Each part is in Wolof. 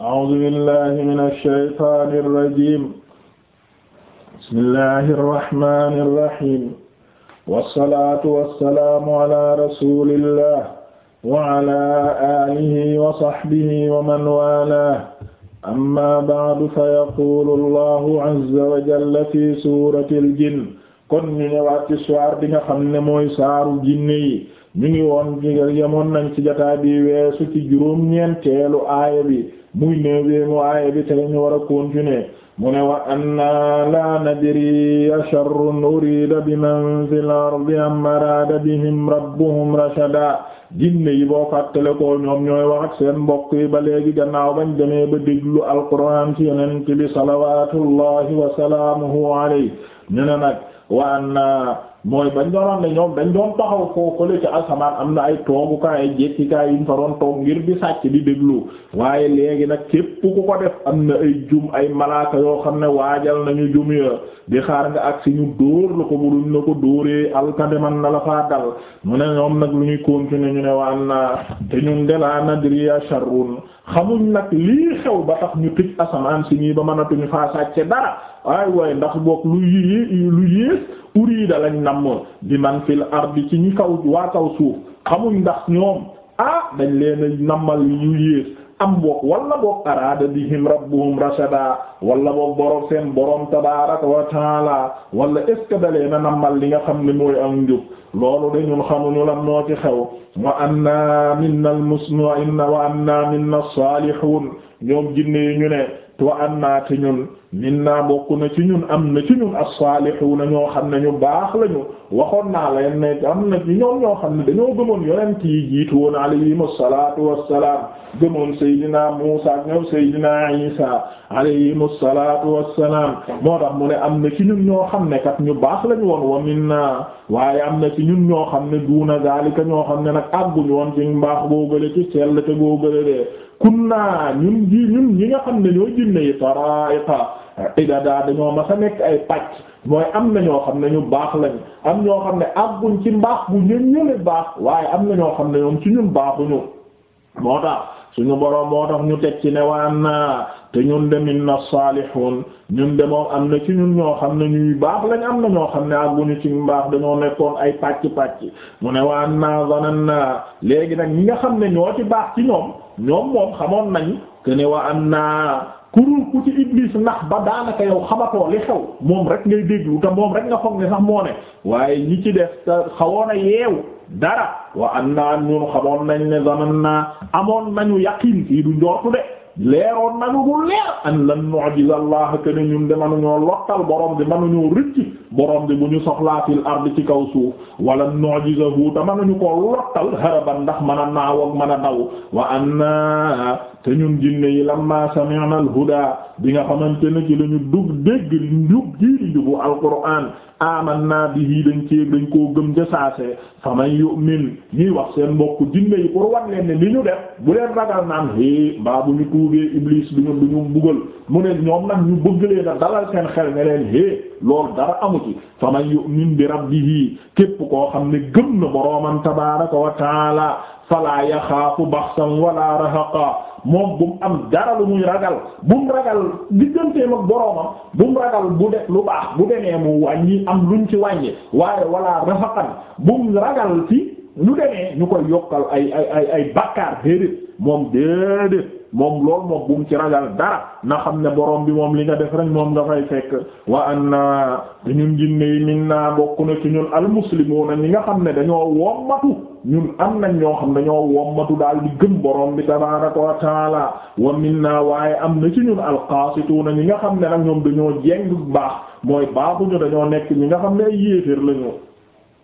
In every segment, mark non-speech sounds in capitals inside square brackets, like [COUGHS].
أعوذ بالله من الشيطان الرجيم بسم الله الرحمن الرحيم والصلاة والسلام على رسول الله وعلى آله وصحبه ومن والاه أما بعد فيقول الله عز وجل في سورة الجن kon ñu ñëwaat ci soir bi nga xam ne mooy saaru jinne yi ñu ngi woon yemoon nañ ci jotaay bi weesu ci juróom ñeenteelu aaya bi muy neuvième mu aaya bi te ñu war a continuer mu ne wa anna la nadri asharrun urida biman fil ardi am arada bihim rabbuhum rashada jinne yi boo fàttale ko ñoom ñooy wax ak seen mbokk yi ba léegi gannaaw bañ demee ba déglu alquran ci yonent bi salawatullahi wa salaamuhu alayhi ñu ne nag waa anna mooy bañ doonoon ne ñoom dañ doon taxaw koo ko ci asamaan am na ay toogukaay ay jekkikaay yuñ fa doon toog ngir di sàcc di déglu waaye léegi nag képp ku ko def am na ay jum ay malaaka yoo xam ne waajal nañu jum ya di xaar nga ak si ñu dóor la ko bu duñ la ko dóoree alkande man na la faa dal mu ne ñoom nag lu ñuy continuer ñu ne wa anna te ñun de na nadriya sharrun xamuñ nag lii xew ba tax ñu tëj asamaan si nii ba mënatuñu faa sàcce ay way ndax boog lu yii lu yées urida lañ namm bi man fil ardi ci ñi kaw waa kaw suuf xamuñ ndax ñoom ah dañ leen nammal yu yées am boog wala boog araada bihim rabbuhum rashada wala boog borom seen borom tabaaraka wa taala wala est ce que dalee nammal li nga xam ne mooy am njub loolu de xamuñu lan moo ci xew wa anna minna al musnu inna wa anna minna as-salihun ñoom jinne ñu ne. wa annaa te ñun minna bokk na ci ñun am na ci ñun as-saalihuuna ñoo xam ne ñu baax lañu waxoon naa leen ne am na ci ñoom ñoo xam ne dañoo gëmoon yonent yi jiitu woon alayhim as-salaatu wassalaam gëmoon Seydina Muusaa ak ñoom Seydina Isaa alayhim as-salaatu wassalaam moo tax mu ne am na ci ñun ñoo xam ne kat ñu baax lañu woon wa minna waaye am na ci ñun ñoo xam ne duuna zaalika ñoo xam ne nag àgguñu woon ci mbaax boo gële ci sell te boo gële kunna ñun ji ñun ñi nga xam ne ñooy jinne yi taraa'iqa idada dañoo ma sa nekk ay pàcc mooy am na ñoo xam ne ñu baax lañ am ñoo xam ne àgguñ ci mbaax bu ñun baax waaye am na ñoo xam ne ñoom ci ñun baaxuñu moo tax suñu boroom moo tax ñu teg ci ne waan na te ñun de minna saalihuun ñun de moom am na ci ñun ñoo xam ne ñuy baax lañ am na ñoo xam ne àgguñu ci mbaax dañoo nekkoon ay pàcc pàcc mu ne waan na zananna léegi nag ñi nga xam ne ñoo ci baax ci ñoom ñoom moom xamoon nañ que ne waa am naa kurul ku ci iblis nax ba daanaka yow xamatoo li xew moom rek ngay déglu te moom rek nga foog ne sax moo ne waaye ñi ci def te xawoon a yeewu dara waa am naa ñun xamoon nañ ne zaman naa amoon nañu yaqin fii du njortu de leeroon nañu bu leer an lan nu'jiza Allah que ne ñun de manuñoo lottal borom bi manuñoo rëcc borom bi bu ñu soxlaa fil ard ci kaw suuf wala nu'jizahu te manuñu koo lottal haraban ndax mën a naaw ak a daw wa anna te ñun jinne yi lamma sami'na al-huda bi nga xamante ne ci lañu dug dégg njub jii di jubu al naa bi bihi dañ ci dañ koo gëm ca saase faman yu'min ñuy wax seen mbokk jinne yi pour wan leen ne li ñu def bu leen ragal naan hé mbaa bu ñu tuubee iblis du ñu du ñu mu ne ñoom nag ñu bëgg leen a dalal seen xel ne leen hé loolu dara amu ci faman yu'min bi rabbihi képp koo xam ne gëm na boroomam tabaaraka wa fala yaxaafu baxsan wala rahaqa moom bu mu am dara lu muy ragal bu mu ragal digganteem ak boroomam bu mu ragal bu def lu baax bu demee mu wàññi am luñ ci wàññi waaye wala rahaqan bu mu ragal ci lu demee ñu koy yokkal ay ay ay ay bakkaar déedéet moom déedéet moom lool moom bu mu ci ragal dara na xam ne boroom bi moom li nga def rek moom nga fay fekk wa anna te ñun jinne yi min naa bokk na ci ñun almuslimuuna ñi nga xam ne dañoo wommatu ñun am nañ ñoo xam dañoo wommatu daal di gëm borom bi tabaaraka wa taala wa minna waaye am na ci ñun alqaasituuna ñi nga xam ne nag ñoom dañoo jeng baax mooy baaxuñu dañoo nekk ñi nga xam ne ay yéeféer lañu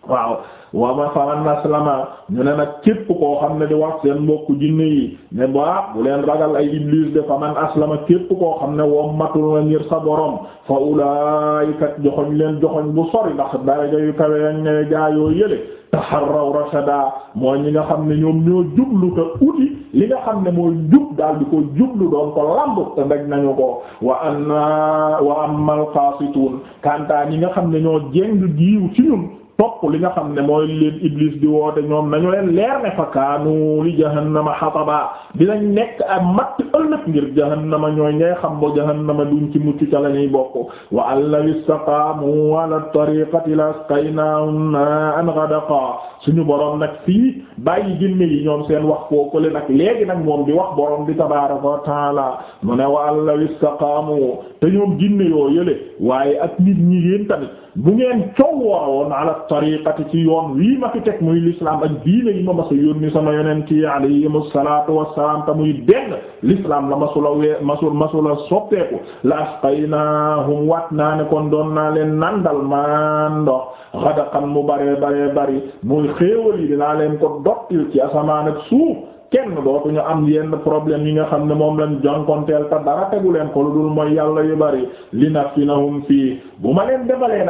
waaw wama faman aslama ñu ne nag képp koo xam ne di wax seen mbokk jinne yi ne ba bu leen ragal ay iblis de faman aslama képp koo xam ne woom matul na ngir sa borom fa ulaikat joxoñ leen joxoñ bu sori ndax daraja yu kawe yañ ne jaayoo yële taharraw rashada mooy ñi nga xam ne ñoom ñoo jublu te uti li nga xam ne mooy jub daal di ko jublu doon ko lamb te daj nañu ko wa anna wa amal qasitun kanta ñi nga xam ne ñoo jeng giiw ci ñun topp li nga xam ne mooy leen iblis di woote ñoom nañu leen leer ne fa kaanu li jahannama xataba dinañ nekk ak matt ëllëg ngir jahannama ñooy ñay xam ba jahannama duñ ci mucc ca la ñuy bokk wa an law istaqaamu ala tariqati lasqaynaahum maa'an ghadaqa suñu nag fii bàyyi jinne ñoom seen wax kooku le nag léegi nag moom di wax boroom bi tabaaraka wa la mu ne wa an law istaqaamu te ñoom jinne yoo yële waaye ak nit ñi yeen tamit bu ngeen coow woowoon ala tariqati ci yoon wii ma fi teg muy l'islam ak diine yi ma masa yónni sama yonent yi alayhimu salaatu wassalaam te muy benn l'islam la masula wee masul masula soppeeku la asqaynaahum waat naa ne kon doon naa leen nandal maan ndox xadakan mu bare bare bari muy xéewal yi dinaa leen ko dottil ci asamaan ak suuf kenn dootuñu am yenn problème yi nga xam ne moom lañ jonkonteel te dara tegu leen ko lu dul mooy yàlla yu bari li naftinahum fii bu ma leen defalee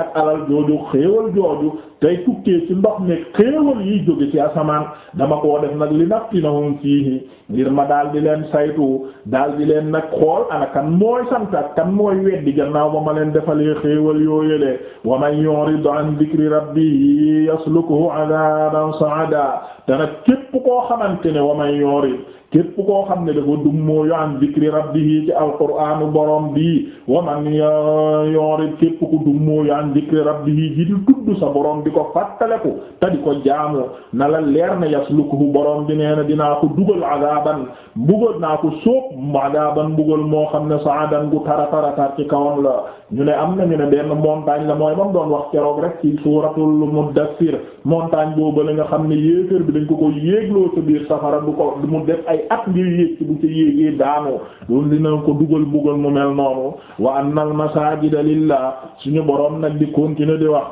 tey tukkee ci ndox mi xéewal yi jóge ci asamaan dama koo def nag li naftinahum fiihi ngir ma daal di leen saytu daal di leen nag xool ana kan mooy sant ak kan mooy weddi gannaaw ba ma leen defalee xéewal yooyele wa man yurid an dhikri rabbihi yaslukhu adaban saada te nag képp koo xamante ne wa man yurid képp koo xam ne dafa dum moo yo an zikri rabbihi ci alqur'aanu borom bi wa man yorit képp ku dum moo yo an zikri rabbihi ji di sa borom di ko fàttaleku te di ko jaamu na la leer na yaslukuhu borom bi nee na dinaa ko dugal adaban mbugal naa ko sóob adaban mbugal moo xam ne sa'adan gu tara tara tar ci kawam la ñu ne am na ñu ne benn montagne la mooy bam doon wax keroog rek ci suuratul muddassir montagne boobu la nga xam ne yéeféer bi dañ ko ay at ngir yéeg ci bu ca yéegee daanu loolu dina ko dugal mbugal mu mel noonu wa annal masajida lillah suñu boroom nag di continuer di wax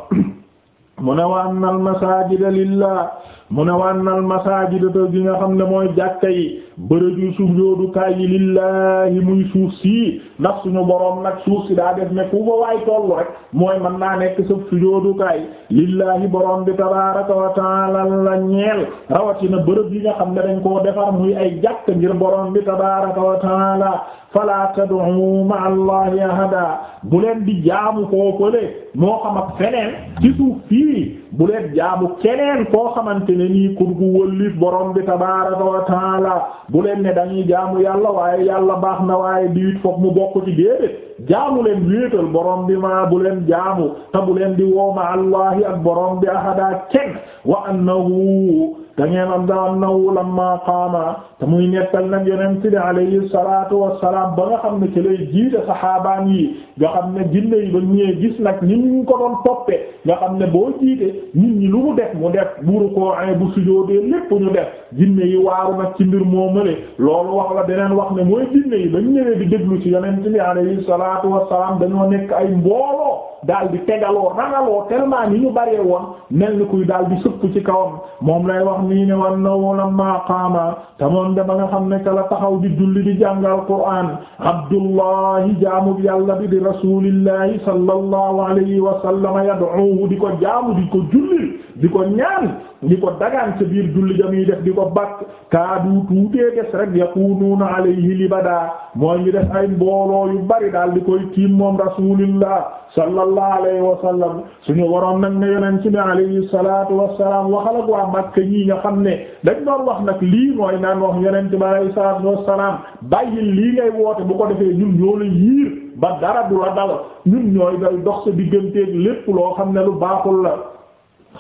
[COUGHS] mu ne wa annal masajida lillah mu ne wànnal masaajida te gi nga xam ne mooy jàkka yi bërëju sujjóodukaay yi lillaahi muy suuf sii ndax suñu boroom nag suuf si daa def ne ku ba waay tollu rek mooy mën naa nekk sa sujjóodukaay lillaahi boroom bi tabaaraka wa taala la ñeel rawatina bërëb yi nga xam ne dañ koo defar muy ay jàkk ngir boroom bi tabaaraka wa taala fala tad'u ma'a allahi ahada bu leen di jaamu foofale moo xam ak feneen ci suuf fii bu leen jaamu keneen koo xamante ne nii kur gu wëllif borom bi tabaraka wa taala bu leen ne dañuy jaamu yàlla waaye yàlla baax na waaye diwit foofu mu bokk ci déedéet jaamu leen wéetal borom bi maa bu leen jaamu te bu leen di wooma allahi ak borom bi ahada kenn wa annahu da ngeen am da annahu lamma qaama te muy nettal nag yonent bi alayhi salaatu wassalaam ba nga xam ne ci lay jiite saxaabaan yi nga xam ne jinne yi ba ñëwee gis nag ñi ñu ko doon toppee nga xam ne boo jiite nit ñi lu mu def mu def buru koo ay bu sujóodee lépp ñu def jinne yi waaru nag ci mbir moo mëne loolu wax la beneen wax ne mooy jinne yi ba ñu ñëwee di déglu ci yonent bi alayhi salaatu wassalaam dañoo nekk ay mbooloo daal di tegaloo rangaloo tellement yi ñu bëree woon mel ni kuy daal di sëpp ci kawam moom lay wax nii ne wan na a maa qaama te moom dama nga xam ne ka la taxaw di julli di jàngal Qur'aan Abdullahi jaamu yàlla bi rasulillahi sallallahu alayhi wa sallam yad'uhu di ko jaamu di ko jullil di ko ñaan di ko dagaan sa biir julli jamuy def di ko bakk kaadu tuutee des rek yakunuuna alayhi libada mooy ñu def ay mbooloo yu bari daal di koy tiim moom rasulillah sallallahu alayhi wa sallam suñu waroon nag ne yonent bi alayhi salatu wasalaam waxal ak waa Makka ñii nga xam ne dañ doon wax nag lii mooy naan wax yonent bi alayhi salatu wasalaam bàyyil lii ngay woote bu ko defee ñun ñoo yiir ba dara du la dal ñun ñooy day dox sa digganteeg lépp loo xam ne lu baaxul la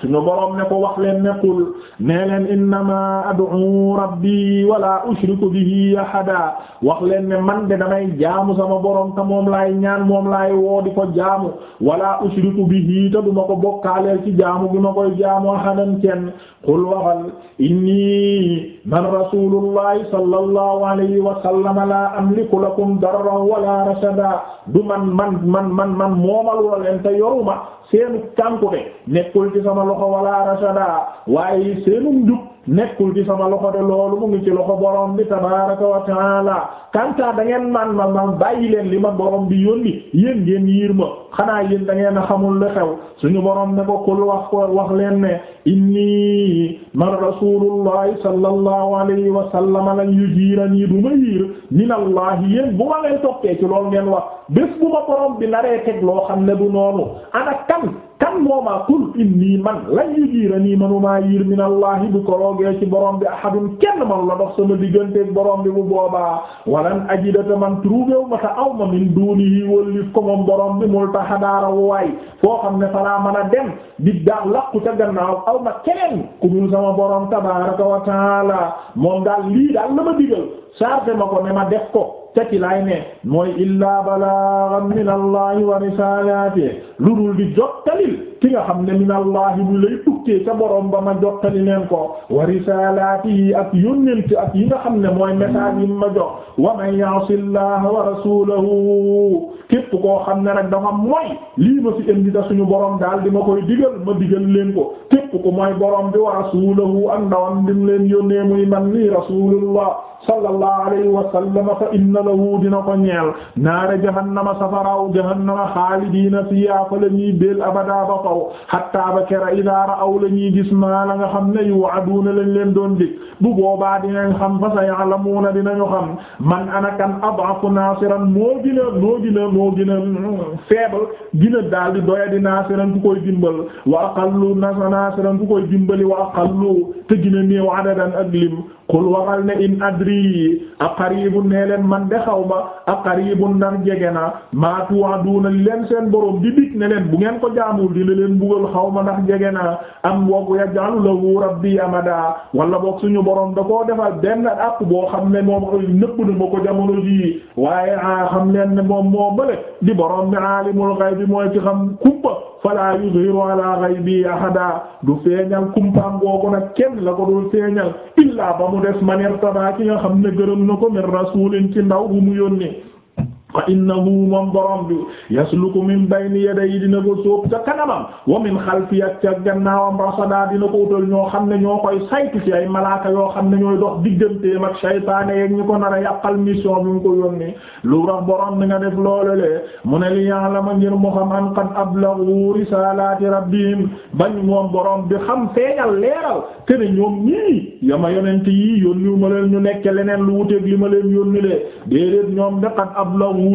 suñu boroom ne ko wax leen ne qul nee leen innama ad'u rabbi wala ushriku bihi ahada wax leen ne man de damay jaamu sama boroom te moom laay ñaan moom laay woo di ko jaamu wala ushriku bihi te duma ko bokkaaleel ci jaamu bi ma koy jaamu ahadan kenn qul waxal inni man rasulullahi sallallahu alayhi wa sallam amliku lakum darran wala rashada du man man man man man moomal wala leen yoruma seenu cànkute nekkul ci sama loxo wala rashada waaye seenu njub nekkul ci sama loxo de loolu mu ngi ci loxo borom bi tabaraka wa taala kanta da ngeen man ma man bàyyi leen li ma borom bi yónni yén ngeen yiir ma xanaa yéen da ngeen xamul lu xew suñu borom ne ko kul wax ko wax leen ne inni man rasulullahi sallallahu alayhi wa sallam lan yujirani du ma yiir minallahi yéen bu ma leen toppee ci loolu ngeen wax bés bu ma borom bi naree teg loo xam ne du noonu ana kan kan moomaa qul inni man lan yujirani manumaa yiir min allahi bu koroogee ci borom bi ahadun kenn manu la dox sama digganteeg borom bi bu boobaa walan ajidata man trouvéwu ma ta aw ma min dunihi wóllif ko moom borom bi mul taxa waay foo xam ne falaa man a dem di daal laqu ca gannaaw aw ma keneen ku dul sama borom tabaraka wa taala moom daal lii daal la ma digal chargé ma ko ne ma ko ci laay ne mooy illaa balaaran min allahi wa risalati lu dul di jottalil ki nga xam ne min allahi lu lay tukkee ca borom ba ma jottali leen ko wa risalati yi ak yónnent ak yi nga xam ne mooy message ma jox wa man ya'si llaha wa rasulahu képp koo xam ne rek dafa mooy lii ma fi indi da suñu borom daal di ma koy digal ma digal leen ko képp ku mooy borom bi wa rasulahu ak ndawam leen yónnee muy man nii rasulullah sallallahu alayhi wa sallam fa inna lahu dina ko ñeel naara jahannama safaraw jahannama xaalidiina fiha fa la ñuy beel abada ba faw hatta ba kera idaa ra'aw la ñuy gis maa la nga xam ne yu'aduuna lañ leen doon dig bu boobaa dinañ xam fa sa ya'lamuuna dinañu xam man ana kan ad'afu naasiran moo gën a moo gën a moo gën a hmm, faible gën a daal di doya di naasiran ku koy dimbal wa aqallu naasiran ku koy dimbali wa aqallu te gina néew adadan ak lim qul waxal ne in adri aqaribun nee leen man de xaw ma aqaribun ndar jege naa maa tu'aduna li leen seen borom di dig ne leen bu ngeen ko jaamul dina leen mbugal xaw ma ndax jege na am wog yaj'alu lahu rabbi amada wala boog suñu borom da koo defal benn app boo xam ne moom nëbb na ma ko jamono ji waaye a ah, xam leen ne moom moo bële di borom bi alimul ghaybi mooy ci xam kumpa fala yuzhiru ala ghaybi ahada du feeñal kumpaam googu nag kenn la ko dul feeñal illaa ba mu des man irtada ki nga xam ne gërëm na ko min rasulin ci ndaw bu mu yónnee fa innahu moom borom bi yasluku min bayni yadayhi dina ko sóob ca kanamam wa min xalfi ak ca gannaawam rasada dina ko utal ñoo xam ne ñoo koy saytu ci ay malaaka yoo xam ne ñooy dox digganteem ak saytaane yeeg ñu ko nar a yàqal mission bi mu ko yónnee lu rax borom ni nga def loolu le mu ne li ya'lama ngir mu xam an qad ablagu risalati rabbihim bañ moom borom bi xam feeñal leeral te ne ñoom ñii yama yonent yi yónni ma leen ñu nekk le déedéet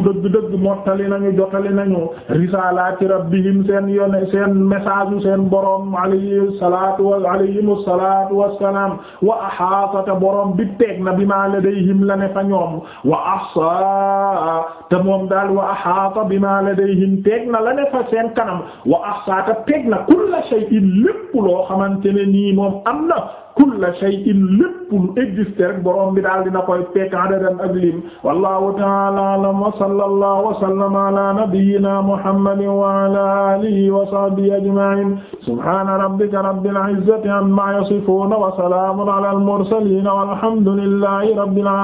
balaghu dëgg-dëgg mottali nañu jotali nañu risaalaati rabbihim seen yone seen message seen borom alayhi salaatu wa alayhimu salaatu wassalaam wa ahaata borom bi teg na bimaa ladayhim la ne fa ñoom wa ahsaa te moom daal wa ahaata bimaa ladayhim teg na la ne fa seen kanam wa ahsaa te teg na kulla shay'in lépp loo xamante ne nii moom am na kulla shay'in lépp lu existé rek borom bi daal dina koy pekk adadan ak lim wallahu ta'ala a'lam wa sallallahu wa sallama ala nabiyyina muhammadin wa ala alihi wa sahbihi ajma'in subhana rabbika rabbil izzati amma yasifun wa salamun ala al mursalin walhamdulillahi rabbil alamin